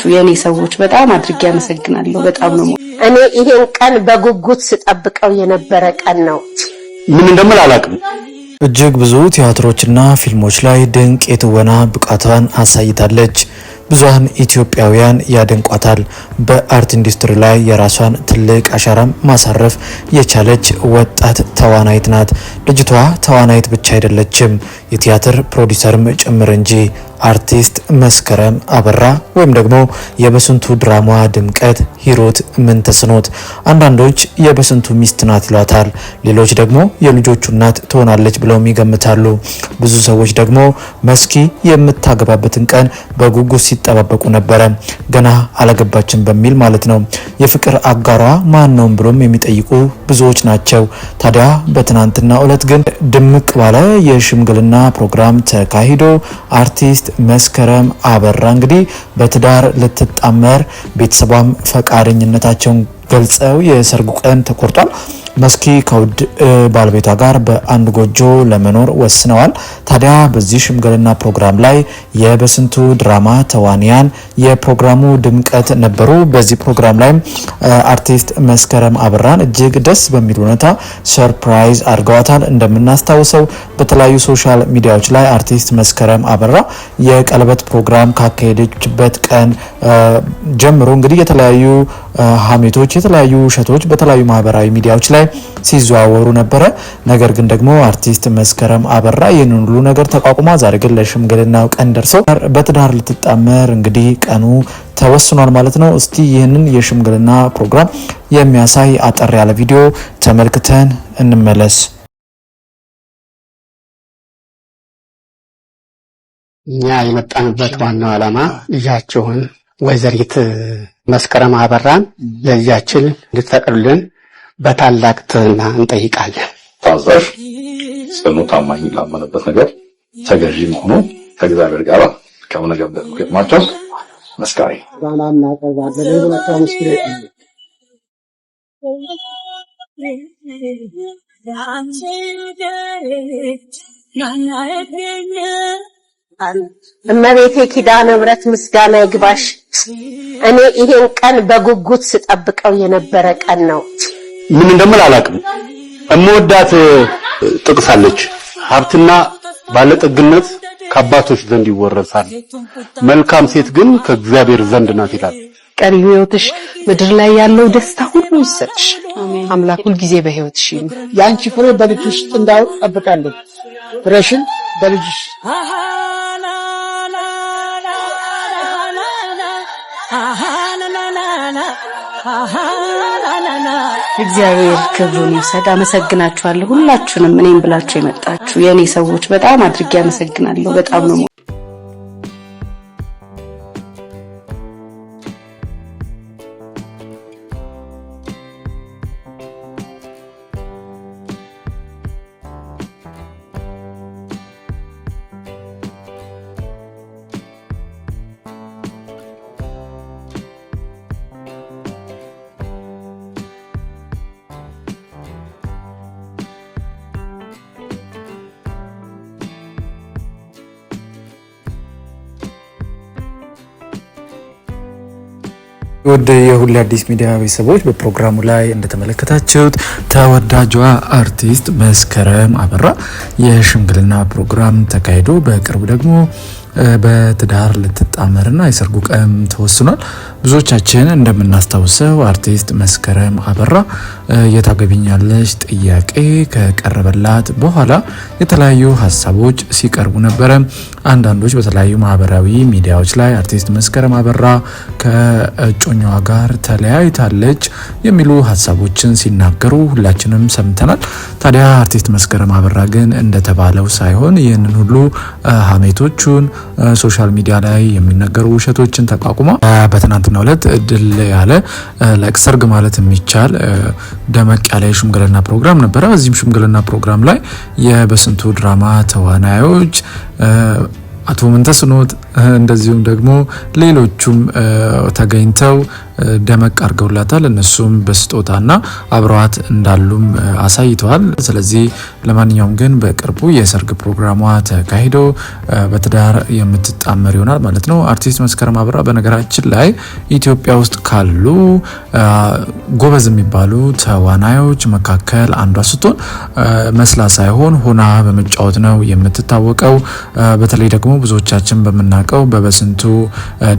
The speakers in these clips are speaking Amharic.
ያላችሁ የእኔ ሰዎች በጣም አድርጌ አመሰግናለሁ። በጣም ነው እኔ ይሄን ቀን በጉጉት ስጠብቀው የነበረ ቀን ነው። ምን እንደምል እጅግ ብዙ ቲያትሮችና ፊልሞች ላይ ድንቅ የትወና ብቃቷን አሳይታለች። ብዙሀን ኢትዮጵያውያን ያደንቋታል። በአርት ኢንዱስትሪ ላይ የራሷን ትልቅ አሻራም ማሳረፍ የቻለች ወጣት ተዋናይት ናት። ልጅቷ ተዋናይት ብቻ አይደለችም፣ የቲያትር ፕሮዲሰርም ጭምር እንጂ። አርቲስት መስከረም አበራ ወይም ደግሞ የበስንቱ ድራማ ድምቀት ሂሮት ምን ምንተስኖት፣ አንዳንዶች የበስንቱ ሚስት ናት ይሏታል። ሌሎች ደግሞ የልጆቹ እናት ትሆናለች ብለውም ይገምታሉ። ብዙ ሰዎች ደግሞ መስኪ የምታገባበትን ቀን በጉጉት ሲጠባበቁ ነበረ። ገና አላገባችም በሚል ማለት ነው። የፍቅር አጋሯ ማን ነው ብሎም የሚጠይቁ ብዙዎች ናቸው። ታዲያ በትናንትናው ዕለት ግን ድምቅ ባለ የሽምግልና ፕሮግራም ተካሂዶ አርቲስት መስከረም አበራ እንግዲህ በትዳር ልትጣመር ቤተሰቧም ፈቃደኝነታቸውን ገልጸው የሰርጉ ቀን ተቆርጧል። መስኪ ከውድ ባለቤቷ ጋር በአንድ ጎጆ ለመኖር ወስነዋል። ታዲያ በዚህ ሽምግልና ፕሮግራም ላይ የበስንቱ ድራማ ተዋንያን የፕሮግራሙ ድምቀት ነበሩ። በዚህ ፕሮግራም ላይም አርቲስት መስከረም አበራን እጅግ ደስ በሚል ሁኔታ ሰርፕራይዝ አድርገዋታል። እንደምናስታውሰው በተለያዩ ሶሻል ሚዲያዎች ላይ አርቲስት መስከረም አበራ የቀለበት ፕሮግራም ካካሄደችበት ቀን ጀምሮ እንግዲህ የተለያዩ ሀሜቶች፣ የተለያዩ ውሸቶች በተለያዩ ማህበራዊ ሚዲያዎች ላይ ሲዘዋወሩ ነበረ። ነገር ግን ደግሞ አርቲስት መስከረም አበራ ይህንን ሁሉ ነገር ተቋቁማ ዛሬ ግን ለሽምግልናው ቀን ደርሰው በትዳር ልትጣመር እንግዲህ ቀኑ ተወስኗል ማለት ነው። እስቲ ይህንን የሽምግልና ፕሮግራም የሚያሳይ አጠር ያለ ቪዲዮ ተመልክተን እንመለስ። እኛ የመጣንበት ዋናው ዓላማ ልጃችሁን ወይዘሪት መስከረም አበራን ለልጃችን እንድትፈቅዱልን በታላቅ ትህትና እንጠይቃለን። ታዛዥ፣ ጽኑ፣ ታማኝ ላመነበት ነገር ተገዢ መሆኑ ከእግዚአብሔር ጋር ከሆነ ማቸው ምስጋና ምስጋና እናቀርባለን። የሁለታ ምስክር እመቤቴ ኪዳነ ምሕረት ምስጋና ይግባሽ። እኔ ይሄን ቀን በጉጉት ስጠብቀው የነበረ ቀን ነው። ምን እንደምል አላውቅም። እመወዳት ጥቅሳለች ሀብትና ባለጠግነት ከአባቶች ዘንድ ይወረሳል፣ መልካም ሴት ግን ከእግዚአብሔር ዘንድ ናት ይላል። ቀሪ ህይወትሽ ምድር ላይ ያለው ደስታ ሁሉ ይሰጥሽ። አምላክ ሁልጊዜ በህይወትሽ ይሁን። የአንቺ ፍሬ በልጅሽ ውስጥ እንዳው ጠብቃለሁ። ፍሬሽን በልጅሽ እግዚአብሔር ክብሩን ይውሰድ። አመሰግናችኋለሁ ሁላችሁንም፣ እኔም ብላችሁ የመጣችሁ የእኔ ሰዎች በጣም አድርጌ አመሰግናለሁ። በጣም ነው ወደ የሁሌ አዲስ ሚዲያ ቤተሰቦች በፕሮግራሙ ላይ እንደተመለከታችሁት ተወዳጇ አርቲስት መስከረም አበራ የሽምግልና ፕሮግራም ተካሂዶ በቅርቡ ደግሞ በትዳር ልትጣመርና የሰርጉ ቀን ተወስኗል። ብዙዎቻችን እንደምናስታውሰው አርቲስት መስከረም አበራ የታገቢኛለች ጥያቄ ከቀረበላት በኋላ የተለያዩ ሀሳቦች ሲቀርቡ ነበረ። አንዳንዶች በተለያዩ ማህበራዊ ሚዲያዎች ላይ አርቲስት መስከረም አበራ ከእጮኛዋ ጋር ተለያይታለች የሚሉ ሀሳቦችን ሲናገሩ ሁላችንም ሰምተናል። ታዲያ አርቲስት መስከረም አበራ ግን እንደተባለው ሳይሆን ይህንን ሁሉ ሀሜቶቹን ሶሻል ሚዲያ ላይ የሚነገሩ ውሸቶችን ተቋቁማ በትናንትናው ዕለት ድል ያለ ላይክ ሰርግ ማለት የሚቻል ደመቅ ያለ የሽምግልና ፕሮግራም ነበረ። በዚህም ሽምግልና ፕሮግራም ላይ የበስንቱ ድራማ ተዋናዮች አቶ ምንተስኖት እንደዚሁም ደግሞ ሌሎቹም ተገኝተው ደመቅ አድርገውላታል። እነሱም በስጦታና አብረዋት እንዳሉም አሳይተዋል። ስለዚህ ለማንኛውም ግን በቅርቡ የሰርግ ፕሮግራሟ ተካሂዶ በትዳር የምትጣመር ይሆናል ማለት ነው። አርቲስት መስከረም አበራ በነገራችን ላይ ኢትዮጵያ ውስጥ ካሉ ጎበዝ የሚባሉ ተዋናዮች መካከል አንዷ ስትሆን መስላ ሳይሆን ሆና በመጫወት ነው የምትታወቀው። በተለይ ደግሞ ብዙዎቻችን በምና የምናውቀው በበስንቱ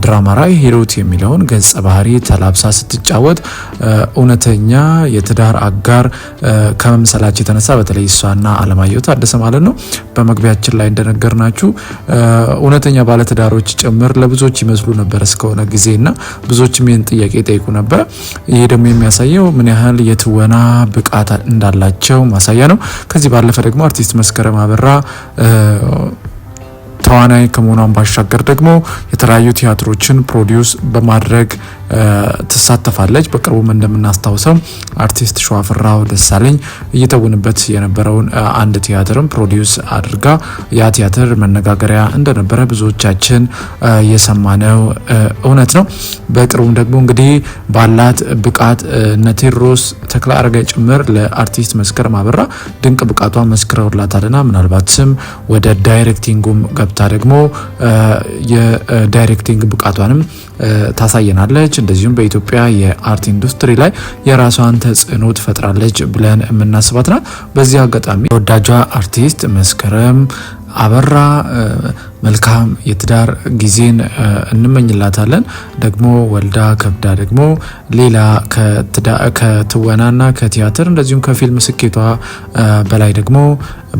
ድራማ ላይ ሂሩት የሚለውን ገጸ ባህሪ ተላብሳ ስትጫወት እውነተኛ የትዳር አጋር ከመምሰላቸው የተነሳ በተለይ እሷና አለማየሁ ታደሰ ማለት ነው በመግቢያችን ላይ እንደነገርናችሁ እውነተኛ ባለትዳሮች ጭምር ለብዙዎች ይመስሉ ነበር እስከሆነ ጊዜና ብዙዎችም ይህን ጥያቄ ጠይቁ ነበር። ይሄ ደግሞ የሚያሳየው ምን ያህል የትወና ብቃት እንዳላቸው ማሳያ ነው። ከዚህ ባለፈ ደግሞ አርቲስት መስከረም አበራ ተዋናይ ከመሆኗን ባሻገር ደግሞ የተለያዩ ቲያትሮችን ፕሮዲውስ በማድረግ ትሳተፋለች። በቅርቡም እንደምናስታውሰው አርቲስት ሸዋፍራው ደሳለኝ እየተውንበት የነበረውን አንድ ቲያትርም ፕሮዲውስ አድርጋ ያ ቲያትር መነጋገሪያ እንደነበረ ብዙዎቻችን የሰማነው እውነት ነው። በቅርቡም ደግሞ እንግዲህ ባላት ብቃት እነ ተክላ ተክለ ጭምር ለአርቲስት መስከረም አበራ ድንቅ ብቃቷን መስክረውላታልና ምናልባትም ወደ ዳይሬክቲንጉም ገብታ ደግሞ የዳይሬክቲንግ ብቃቷንም ታሳየናለች። እንደዚሁም በኢትዮጵያ የአርት ኢንዱስትሪ ላይ የራሷን ተጽዕኖ ትፈጥራለች ብለን የምናስባት ናት። በዚህ አጋጣሚ ተወዳጇ አርቲስት መስከረም አበራ መልካም የትዳር ጊዜን እንመኝላታለን። ደግሞ ወልዳ ከብዳ ደግሞ ሌላ ከትወናና ከቲያትር እንደዚሁም ከፊልም ስኬቷ በላይ ደግሞ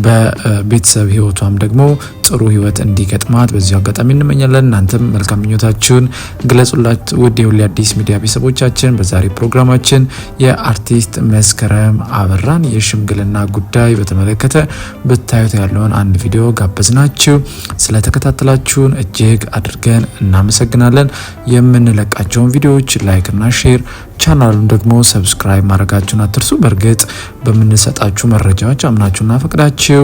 በቤተሰብ ህይወቷም ደግሞ ጥሩ ህይወት እንዲገጥማት በዚሁ አጋጣሚ እንመኛለን። እናንተም መልካም ምኞታችሁን ግለጹላት። ውድ የሁሌ አዲስ ሚዲያ ቤተሰቦቻችን በዛሬ ፕሮግራማችን የአርቲስት መስከረም አበራን የሽምግልና ጉዳይ በተመለከተ ብታዩት ያለውን አንድ ቪዲዮ ጋበዝናችሁ ስለ ስለተከታተላችሁን እጅግ አድርገን እናመሰግናለን። የምንለቃቸውን ቪዲዮዎች ላይክና ሼር ቻናሉን ደግሞ ሰብስክራይብ ማድረጋችሁን አትርሱ። በእርግጥ በምንሰጣችሁ መረጃዎች አምናችሁና ፈቅዳችሁ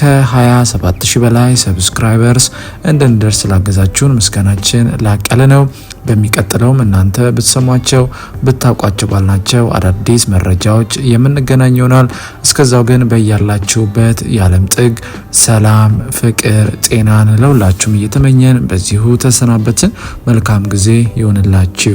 ከ27000 በላይ ሰብስክራይበርስ እንድንደርስ ላገዛችሁን ምስጋናችን ላቅ ያለ ነው። በሚቀጥለውም እናንተ ብትሰሟቸው ብታውቋቸው ባልናቸው አዳዲስ መረጃዎች የምንገናኝ ይሆናል። እስከዛው ግን በያላችሁበት የዓለም ጥግ ሰላም፣ ፍቅር፣ ጤናን ለሁላችሁም እየተመኘን በዚሁ ተሰናበትን። መልካም ጊዜ ይሆንላችሁ።